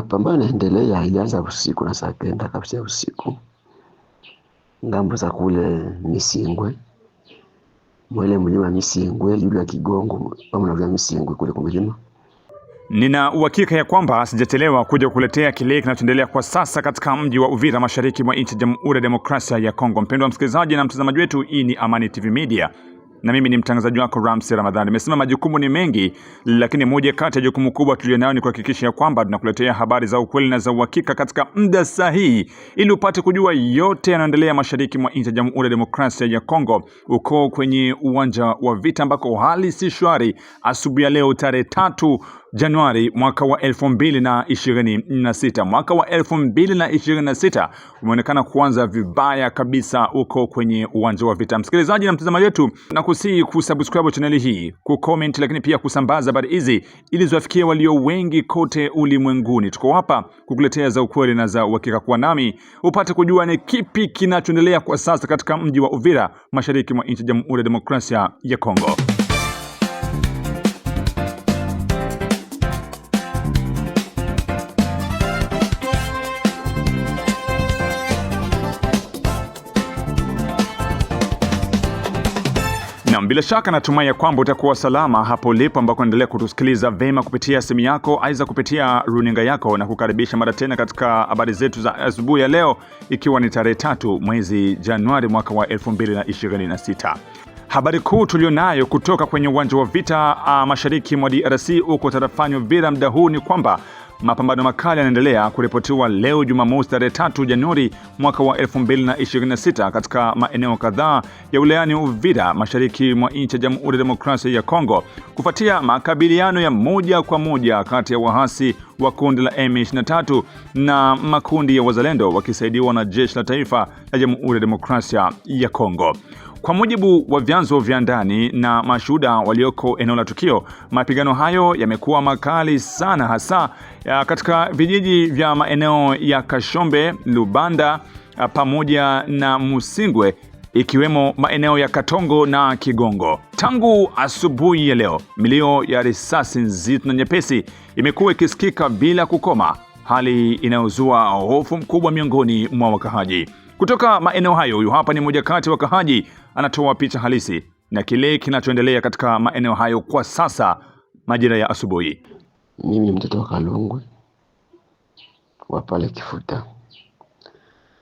mapambano yanaendelea, ilianza usiku na saa kenda kabisa usiku, ngambo za kule Misingwe mwele mlima Misingwe yule ya Kigongo au na Misingwe kule kwa mlima. Nina uhakika ya kwamba sijachelewa kuja kukuletea kile kinachoendelea kwa sasa katika mji wa Uvira, mashariki mwa nchi ya Jamhuri ya Demokrasia ya Kongo. Mpendwa msikilizaji na mtazamaji wetu, hii ni Amani TV Media na mimi ni mtangazaji wako Ramsey Ramadhani. Nimesema majukumu ni mengi, lakini moja kati ya jukumu kubwa tulionayo ni kuhakikisha ya kwamba tunakuletea habari za ukweli na za uhakika katika muda sahihi, ili upate kujua yote yanayoendelea mashariki mwa nchi ya Jamhuri ya Demokrasia ya Kongo. Uko kwenye uwanja wa vita ambako hali si shwari. Asubuhi ya leo tarehe tatu Januari mwaka wa 2026. Mwaka wa 2026 umeonekana kuanza vibaya kabisa huko kwenye uwanja wa vita. Msikilizaji na mtazamaji wetu, na kusihi kusubscribe chaneli hii, kucomment, lakini pia kusambaza habari hizi ili ziwafikie walio wengi kote ulimwenguni. Tuko hapa kukuletea za ukweli na za uhakika. Kuwa nami upate kujua ni kipi kinachoendelea kwa sasa katika mji wa Uvira, mashariki mwa nchi ya Jamhuri ya Demokrasia ya Kongo. Bila shaka natumai ya kwamba utakuwa salama hapo ulipo ambako endelea kutusikiliza vema kupitia simu yako aidha kupitia runinga yako, na kukaribisha mara tena katika habari zetu za asubuhi ya leo, ikiwa ni tarehe tatu mwezi Januari mwaka wa 2026. Habari kuu tulionayo kutoka kwenye uwanja wa vita a, ah, mashariki mwa DRC huko tarafani Uvira mda huu ni kwamba Mapambano makali yanaendelea kuripotiwa leo Jumamosi tarehe 3 Januari mwaka wa 2026 katika maeneo kadhaa ya wilayani Uvira mashariki mwa nchi ya Jamhuri ya Demokrasia ya Kongo kufuatia makabiliano ya moja kwa moja kati ya waasi wa kundi la M23 na makundi ya wazalendo wakisaidiwa na jeshi la taifa la Jamhuri ya Demokrasia ya Kongo. Kwa mujibu wa vyanzo vya ndani na mashuhuda walioko eneo la tukio, mapigano hayo yamekuwa makali sana, hasa katika vijiji vya maeneo ya Kashombe, Lubanda pamoja na Musingwe ikiwemo maeneo ya Katongo na Kigongo. Tangu asubuhi ya leo, milio ya risasi nzito na nyepesi imekuwa ikisikika bila kukoma, hali inayozua hofu mkubwa miongoni mwa wakahaji kutoka maeneo hayo, huyu hapa ni mmoja kati wa kahaji anatoa picha halisi na kile kinachoendelea katika maeneo hayo kwa sasa majira ya asubuhi. Mimi ni mtoto wa Kalungwe wa pale Kifuta.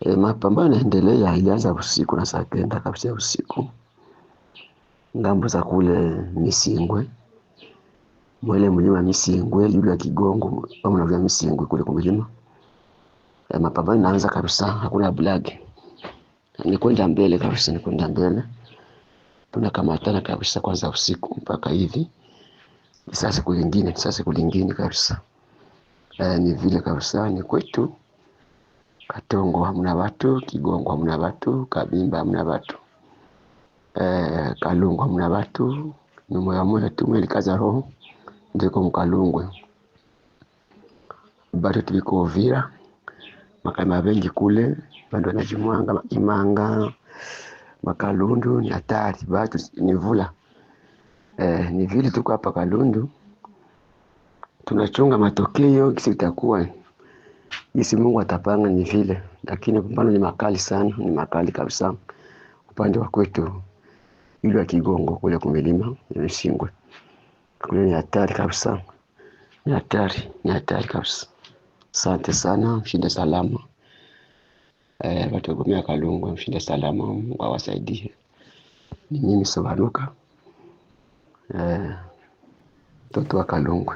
E, mapambano yanaendelea, haijaanza usiku na saa kenda kabisa usiku, ngambo za kule Misingwe mwele mlima Misingwe juu ya Kigongo au mnavya Misingwe kule kwa mlima e, mapambano yanaanza kabisa, hakuna blagi ni kwenda mbele kabisa, ni kwenda mbele. Tunakamatana kabisa kwanza usiku mpaka hivi sasa, siku lingine sasa, siku lingine kabisa. eh, ni vile kabisa, ni kwetu Katongo hamna watu, Kigongo hamna watu, Kabimba hamna watu, eh, Kalungu hamna watu. Ni moyo tu mwe likaza roho ndiko mkalungwe bado tuliko Uvira makama bengi kule vandu vanajimwanga makimanga makalundu ni hatari batu vula eh, ni vile tuko hapa kalundu tunachunga matokeo kisi itakuwa isi mungu atapanga ni vile lakini pambano ni makali sana ni makali kabisa upande wa kwetu ile ya kigongo kule kumilima imeshingwe kule ni hatari kabisa ni hatari ni hatari kabisa asante sana shida salama eh, watugumia Kalungu mshinde salama, wawasaidie. awasaidie. Ni mimi Sobanuka eh, mtoto eh, wa Kalungu.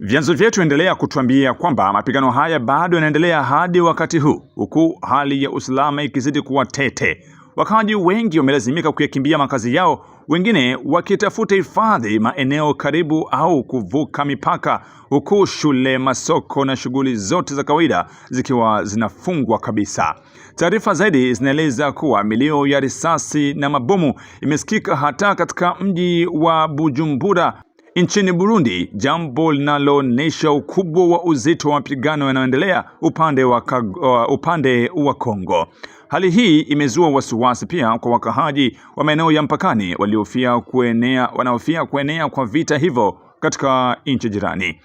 Vyanzo vyetu endelea kutuambia kwamba mapigano haya bado yanaendelea hadi wakati huu, huku hali ya usalama ikizidi kuwa tete. Wakaaji wengi wamelazimika kuyakimbia makazi yao wengine wakitafuta hifadhi maeneo karibu au kuvuka mipaka, huku shule, masoko na shughuli zote za kawaida zikiwa zinafungwa kabisa. Taarifa zaidi zinaeleza kuwa milio ya risasi na mabomu imesikika hata katika mji wa Bujumbura nchini Burundi, jambo linaloonyesha ukubwa wa uzito wa mapigano yanayoendelea upande wa, uh, upande wa Kongo. Hali hii imezua wasiwasi pia kwa wakahaji wa maeneo ya mpakani waliofia kuenea, wanaofia kuenea kwa vita hivyo katika nchi jirani.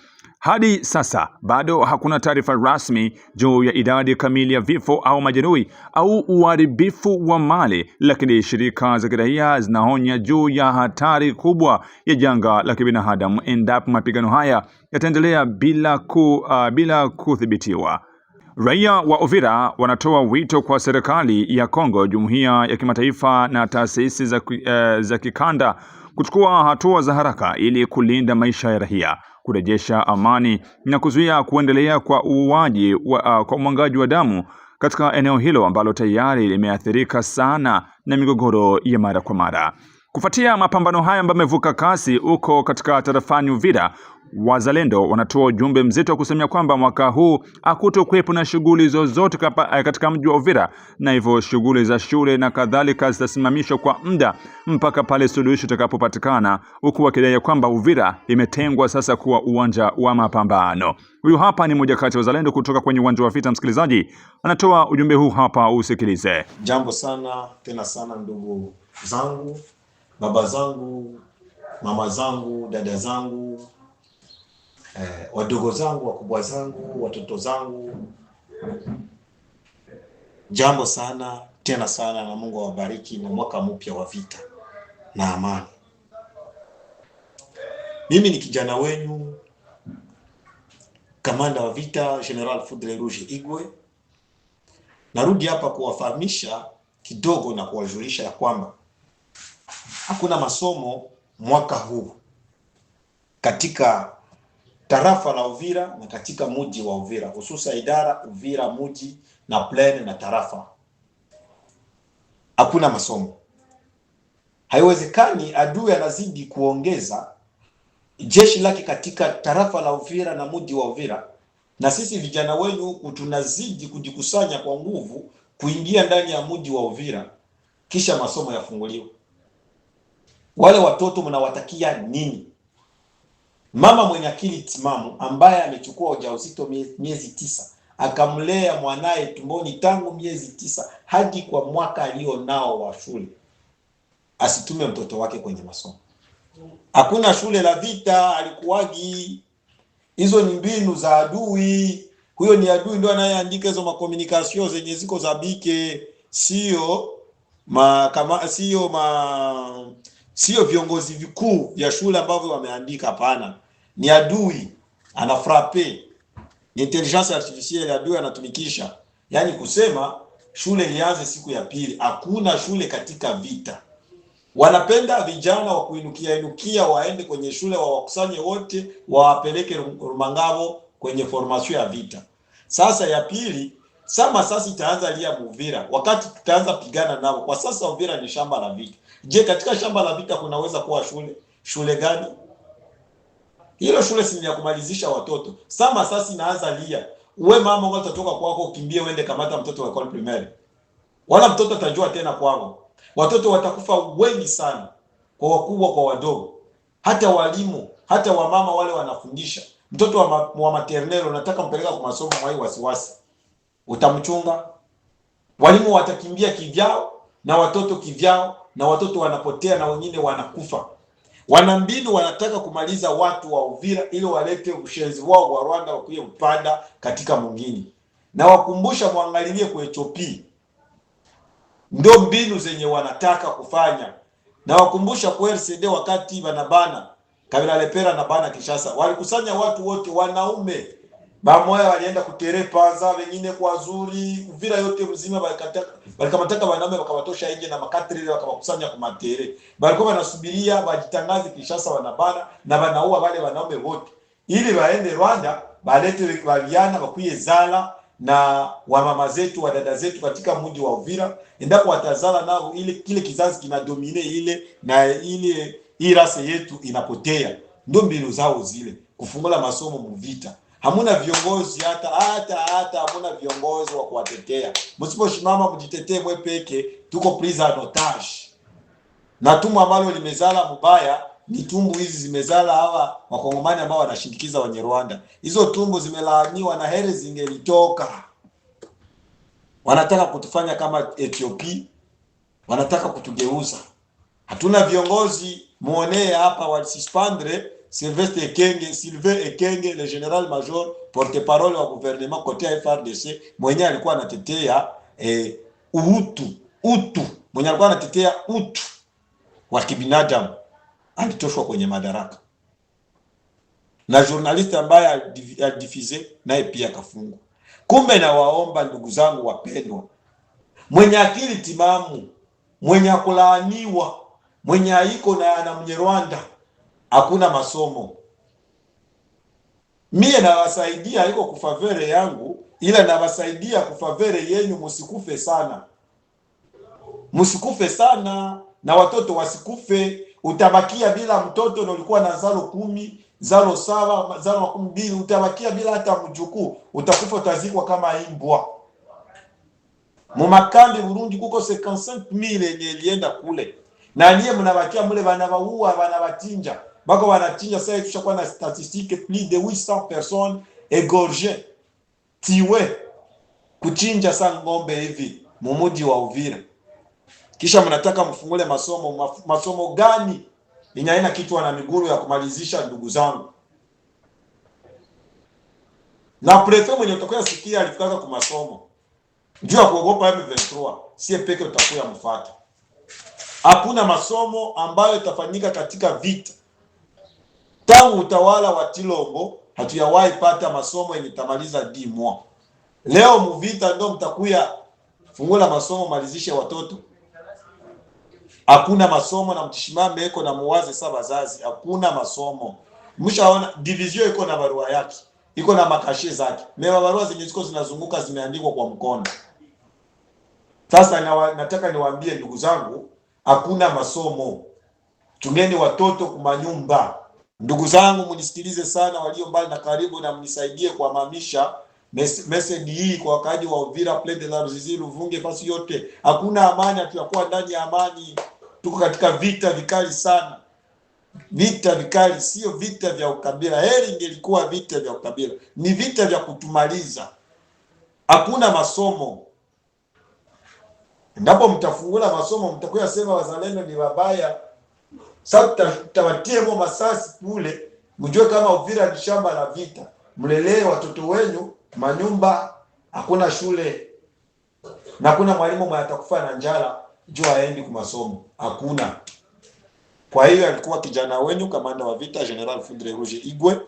Hadi sasa bado hakuna taarifa rasmi juu ya idadi kamili ya vifo au majeruhi au uharibifu wa mali, lakini shirika za kiraia zinaonya juu ya hatari kubwa ya janga la kibinadamu endapo mapigano haya yataendelea bila ku, uh, bila kudhibitiwa. Raia wa Uvira wanatoa wito kwa serikali ya Kongo, jumuiya ya kimataifa na taasisi za, uh, za kikanda kuchukua hatua za haraka ili kulinda maisha ya raia kurejesha amani na kuzuia kuendelea kwa uuaji wa, uh, kwa umwangaji wa damu katika eneo hilo ambalo tayari limeathirika sana na migogoro ya mara kwa mara. Kufuatia mapambano haya ambayo yamevuka kasi huko katika tarafani Uvira, wazalendo wanatoa ujumbe mzito wa kusemea kwamba mwaka huu hakutokuwepo na shughuli zozote eh, katika mji wa Uvira, na hivyo shughuli za shule na kadhalika zitasimamishwa kwa muda mpaka pale suluhisho itakapopatikana, huku wakidai kwamba Uvira imetengwa sasa kuwa uwanja wa mapambano. Huyu hapa ni mmoja kati ya wazalendo kutoka kwenye uwanja wa vita. Msikilizaji anatoa ujumbe huu hapa, usikilize. Jambo sana tena sana ndugu zangu baba zangu, mama zangu, dada zangu, eh, wadogo zangu, wakubwa zangu, watoto zangu, jambo sana tena sana, na Mungu awabariki na mwaka mpya wa vita na amani. Mimi ni kijana wenu kamanda wa vita General Fudre Rouge Igwe. Narudi hapa kuwafahamisha kidogo na kuwajulisha ya kwamba hakuna masomo mwaka huu katika tarafa la Uvira na katika muji wa Uvira, hususa idara Uvira muji na plan na tarafa, hakuna masomo. Haiwezekani, adui anazidi kuongeza jeshi lake katika tarafa la Uvira na muji wa Uvira, na sisi vijana wenu huku tunazidi kujikusanya kwa nguvu kuingia ndani ya muji wa Uvira, kisha masomo yafunguliwe wale watoto mnawatakia nini? Mama mwenye akili timamu ambaye amechukua ujauzito miezi tisa akamlea mwanaye tumboni tangu miezi tisa hadi kwa mwaka alionao wa shule, asitume mtoto wake kwenye masomo. Hakuna shule la vita alikuwagi. Hizo ni mbinu za adui. Huyo ni adui ndio anayeandika hizo makomunikasio zenye ziko za bike, sio ma kama sio ma sio viongozi vikuu vya shule ambavyo wameandika. Hapana, ni adui anafrape intelligence artificielle, adui anatumikisha. Yaani kusema shule ianze siku ya pili, hakuna shule katika vita. Wanapenda vijana wa kuinukia inukia waende kwenye shule, wawakusanye wote, wawapeleke Rumangabo kwenye formation ya vita. Sasa ya pili sama sasa itaanza lia Muvira, wakati tutaanza pigana nao. Kwa sasa Uvira ni shamba la vita. Je, katika shamba la vita kunaweza kuwa shule? Shule gani? Hilo shule si ya kumalizisha watoto. Sama sasa inaanza lia. Uwe mama wewe utatoka kwako ukimbie uende kamata mtoto wa kwanza primary. Wala mtoto atajua tena kwako. Watoto watakufa wengi sana kwa wakubwa kwa wadogo. Hata walimu, hata wamama wale wanafundisha. Mtoto wa, ma, wa maternelle unataka mpeleka kwa masomo mwai wasiwasi. Utamchunga? Walimu watakimbia kivyao na watoto kivyao na watoto wanapotea na wengine wanakufa. Wanambinu wanataka kumaliza watu wa Uvira ili walete ushenzi wao wa Rwanda wakuye upanda katika mwingine, na wakumbusha mwangalilie kwa Ethiopia, ndio mbinu zenye wanataka kufanya, na wakumbusha kwa RCD wakati banabana Kabila Lepera na bana kishasa walikusanya watu wote wanaume bamoya walienda panza wengine kwa zuri Uvira yote mzima, walikamataka wanaume wakabatosha nje na makatri wakawakusanya kumatere matere. Walikuwa wanasubiria wajitangaze Kinshasa, wanabana na wanauwa wale wanaume wote, ili waende Rwanda balete waliana wakuye zala na wamama zetu wadada zetu katika mji wa Uvira, endapo watazala nao ile kile kizazi kinadomine ile na ile irase yetu inapotea. ndo mbinu zao zile, kufungula masomo muvita hamuna viongozi hata hata hata, hamuna viongozi wa kuwatetea. Msiposhimama mjitetee mwe peke, tuko prise otage. Na tumbo ambalo limezala mubaya ni tumbu hizi zimezala hawa wakongomani ambao wanashindikiza wenye Rwanda. Hizo tumbu zimelaaniwa na heri zingelitoka. Wanataka kutufanya kama Ethiopia, wanataka kutugeuza. Hatuna viongozi muonee hapa wasispandre Sylvestre Ekenge, Sylvain Ekenge, le general major porte-parole wa gouvernement kotea FRDC, mwenye alikuwa anatetea eh, utu utu, mwenye alikuwa anatetea utu wa kibinadamu alitoshwa kwenye madaraka, na journalist ambaye alidifize naye pia akafungwa. Kumbe nawaomba ndugu zangu wapendwa, mwenye akili timamu, mwenye akulaaniwa, mwenye aiko na anamnyerwanda hakuna masomo. Mie nawasaidia iko kufavere yangu, ila nawasaidia kufavere yenyu, musikufe sana, musikufe sana na watoto wasikufe. Utabakia bila mtoto na ulikuwa na zalo kumi zalo saba zalo makumi mbili, utabakia bila hata mjukuu, utakufa, utazikwa kama imbwa. Mumakambi Burundi kuko 55000 yenye ilienda kule, na nyie mnabakia mule, bana wanawatinja, bana Bako wanachinja sasa, tushakuwa na plus de 800 personnes égorgées, tiwe kuchinja sa ng'ombe hivi mumuji wa Uvira. Kisha mnataka mfungule masomo. Masomo gani yenye haina kichwa na miguu ya kumalizisha? Ndugu zangu, na prefe mwenye utakuwa sikia kwa masomo juu ya kuogopa M23, sie peke utakuwa mfata. Hakuna masomo ambayo itafanyika katika vita Tangu utawala wa Tilongo hatuyawahi pata masomo yenye tamaliza dimwa. Leo muvita ndo mtakuya fungula masomo malizishe watoto, hakuna masomo na mtishimambe iko na muwaze sa bazazi, hakuna masomo. Mshaona division iko na barua yake iko na makashe zake, mema barua zenye ziko zinazunguka zimeandikwa kwa mkono. Sasa na, nataka niwaambie ndugu zangu, hakuna masomo. Tungeni watoto kumanyumba Ndugu zangu, mnisikilize sana, walio mbali na karibu, na mnisaidie kuhamamisha message hii kwa wakaaji wa Uvira, Plaine la Ruzizi, Luvungi, fasi yote. Hakuna amani, hatuyakuwa ndani ya amani, tuko katika vita vikali sana, vita vikali, sio vita vya ukabila. Heri ingelikuwa vita vya ukabila, ni vita vya kutumaliza. Hakuna masomo, endapo mtafungula masomo mtakuwa sema wazalendo ni wabaya. Sasa tutawatie mo masasi kule mjue kama Uvira ni shamba la vita. Mlelee watoto wenyu, manyumba hakuna shule na kuna mwalimu mwenye atakufa na njala juu aendi kwa masomo hakuna. Kwa hiyo alikuwa kijana wenyu, kamanda wa vita General Fundre Roger Igwe,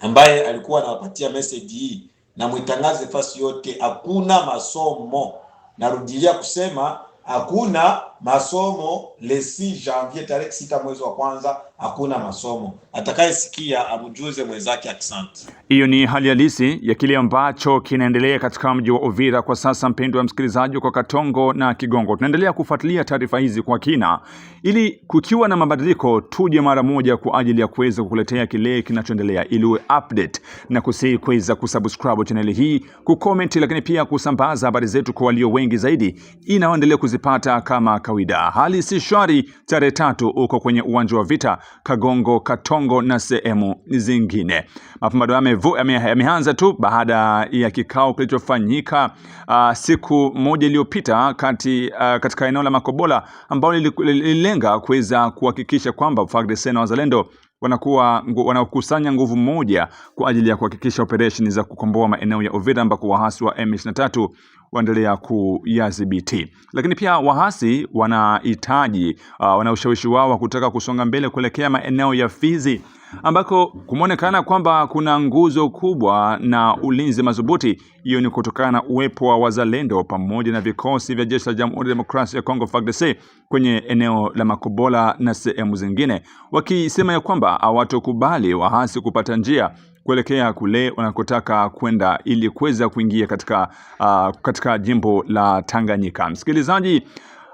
ambaye alikuwa anawapatia message hii, na mwitangaze fasi yote, hakuna masomo. Narudilia kusema hakuna masomo le 6 janvier tarehe sita mwezi wa kwanza hakuna masomo. Atakayesikia amjuze mwenzake. Asante. Hiyo ni hali halisi ya kile ambacho kinaendelea katika mji wa Uvira kwa sasa, mpendwa msikilizaji, kwa Katongo na Kigongo. Tunaendelea kufuatilia taarifa hizi kwa kina, ili kukiwa na mabadiliko tuje mara moja kwa ajili ya kuweza kukuletea kile kinachoendelea, ili uwe update na kusii kuweza kusubscribe channel hii, kucomment, lakini pia kusambaza habari zetu kwa walio wengi zaidi, inaoendelea kuzipata kama kawaida. Hali si shwari tarehe tatu uko kwenye uwanja wa vita Kagongo, Katongo na sehemu zingine. Mapambano yameanza tu baada ya kikao kilichofanyika uh, siku moja iliyopita kati uh, katika eneo la Makobola ambalo lililenga kuweza kuhakikisha kwamba FARDC na wazalendo wanakuwa wanakusanya nguvu moja kwa ajili ya kuhakikisha operesheni za kukomboa maeneo ya Uvira ambako waasi wa M23 waendelea kuyadhibiti. Lakini pia waasi wanahitaji uh, wana ushawishi wao wa kutaka kusonga mbele kuelekea maeneo ya Fizi ambako kumeonekana kwamba kuna nguzo kubwa na ulinzi madhubuti. Hiyo ni kutokana na uwepo wa wazalendo pamoja na vikosi vya jeshi la Jamhuri ya Demokrasia ya Kongo FARDC kwenye eneo la Makobola na sehemu zingine, wakisema ya kwamba hawatokubali waasi kupata njia kuelekea kule unakotaka kwenda ili kuweza kuingia katika, uh, katika jimbo la Tanganyika. Msikilizaji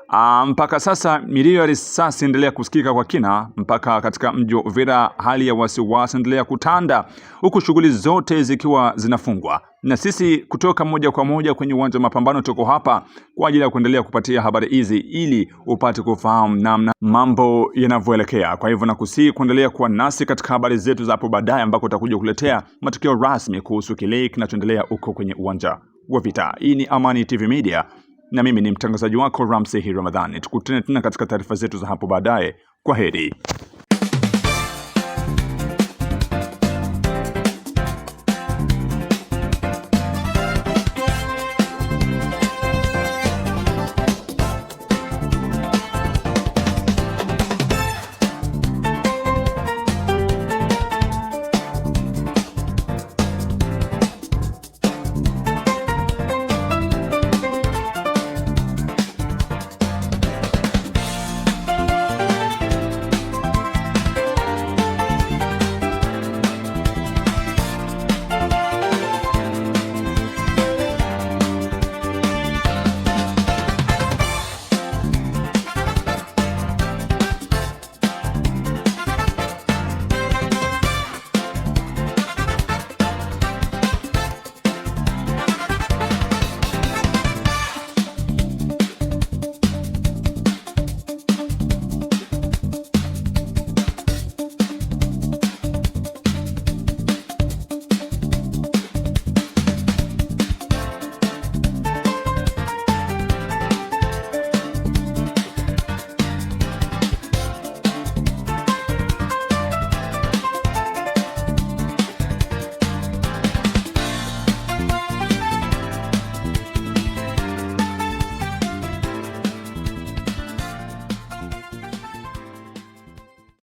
Ah, mpaka sasa milio ya risasi endelea kusikika kwa kina mpaka katika mji wa Uvira. Hali ya wasiwasi endelea kutanda huku shughuli zote zikiwa zinafungwa, na sisi kutoka moja kwa moja kwenye uwanja wa mapambano tuko hapa kwa ajili ya kuendelea kupatia habari hizi ili upate kufahamu namna mambo yanavyoelekea. Kwa hivyo nakusihi kuendelea kuwa nasi katika habari zetu za hapo baadaye, ambako utakuja kuletea matokeo rasmi kuhusu kile kinachoendelea huko kwenye uwanja wa vita. Hii ni Amani TV Media na mimi ni mtangazaji wako Ramsey Ramadhani. Tukutane tena katika taarifa zetu za hapo baadaye. Kwa heri.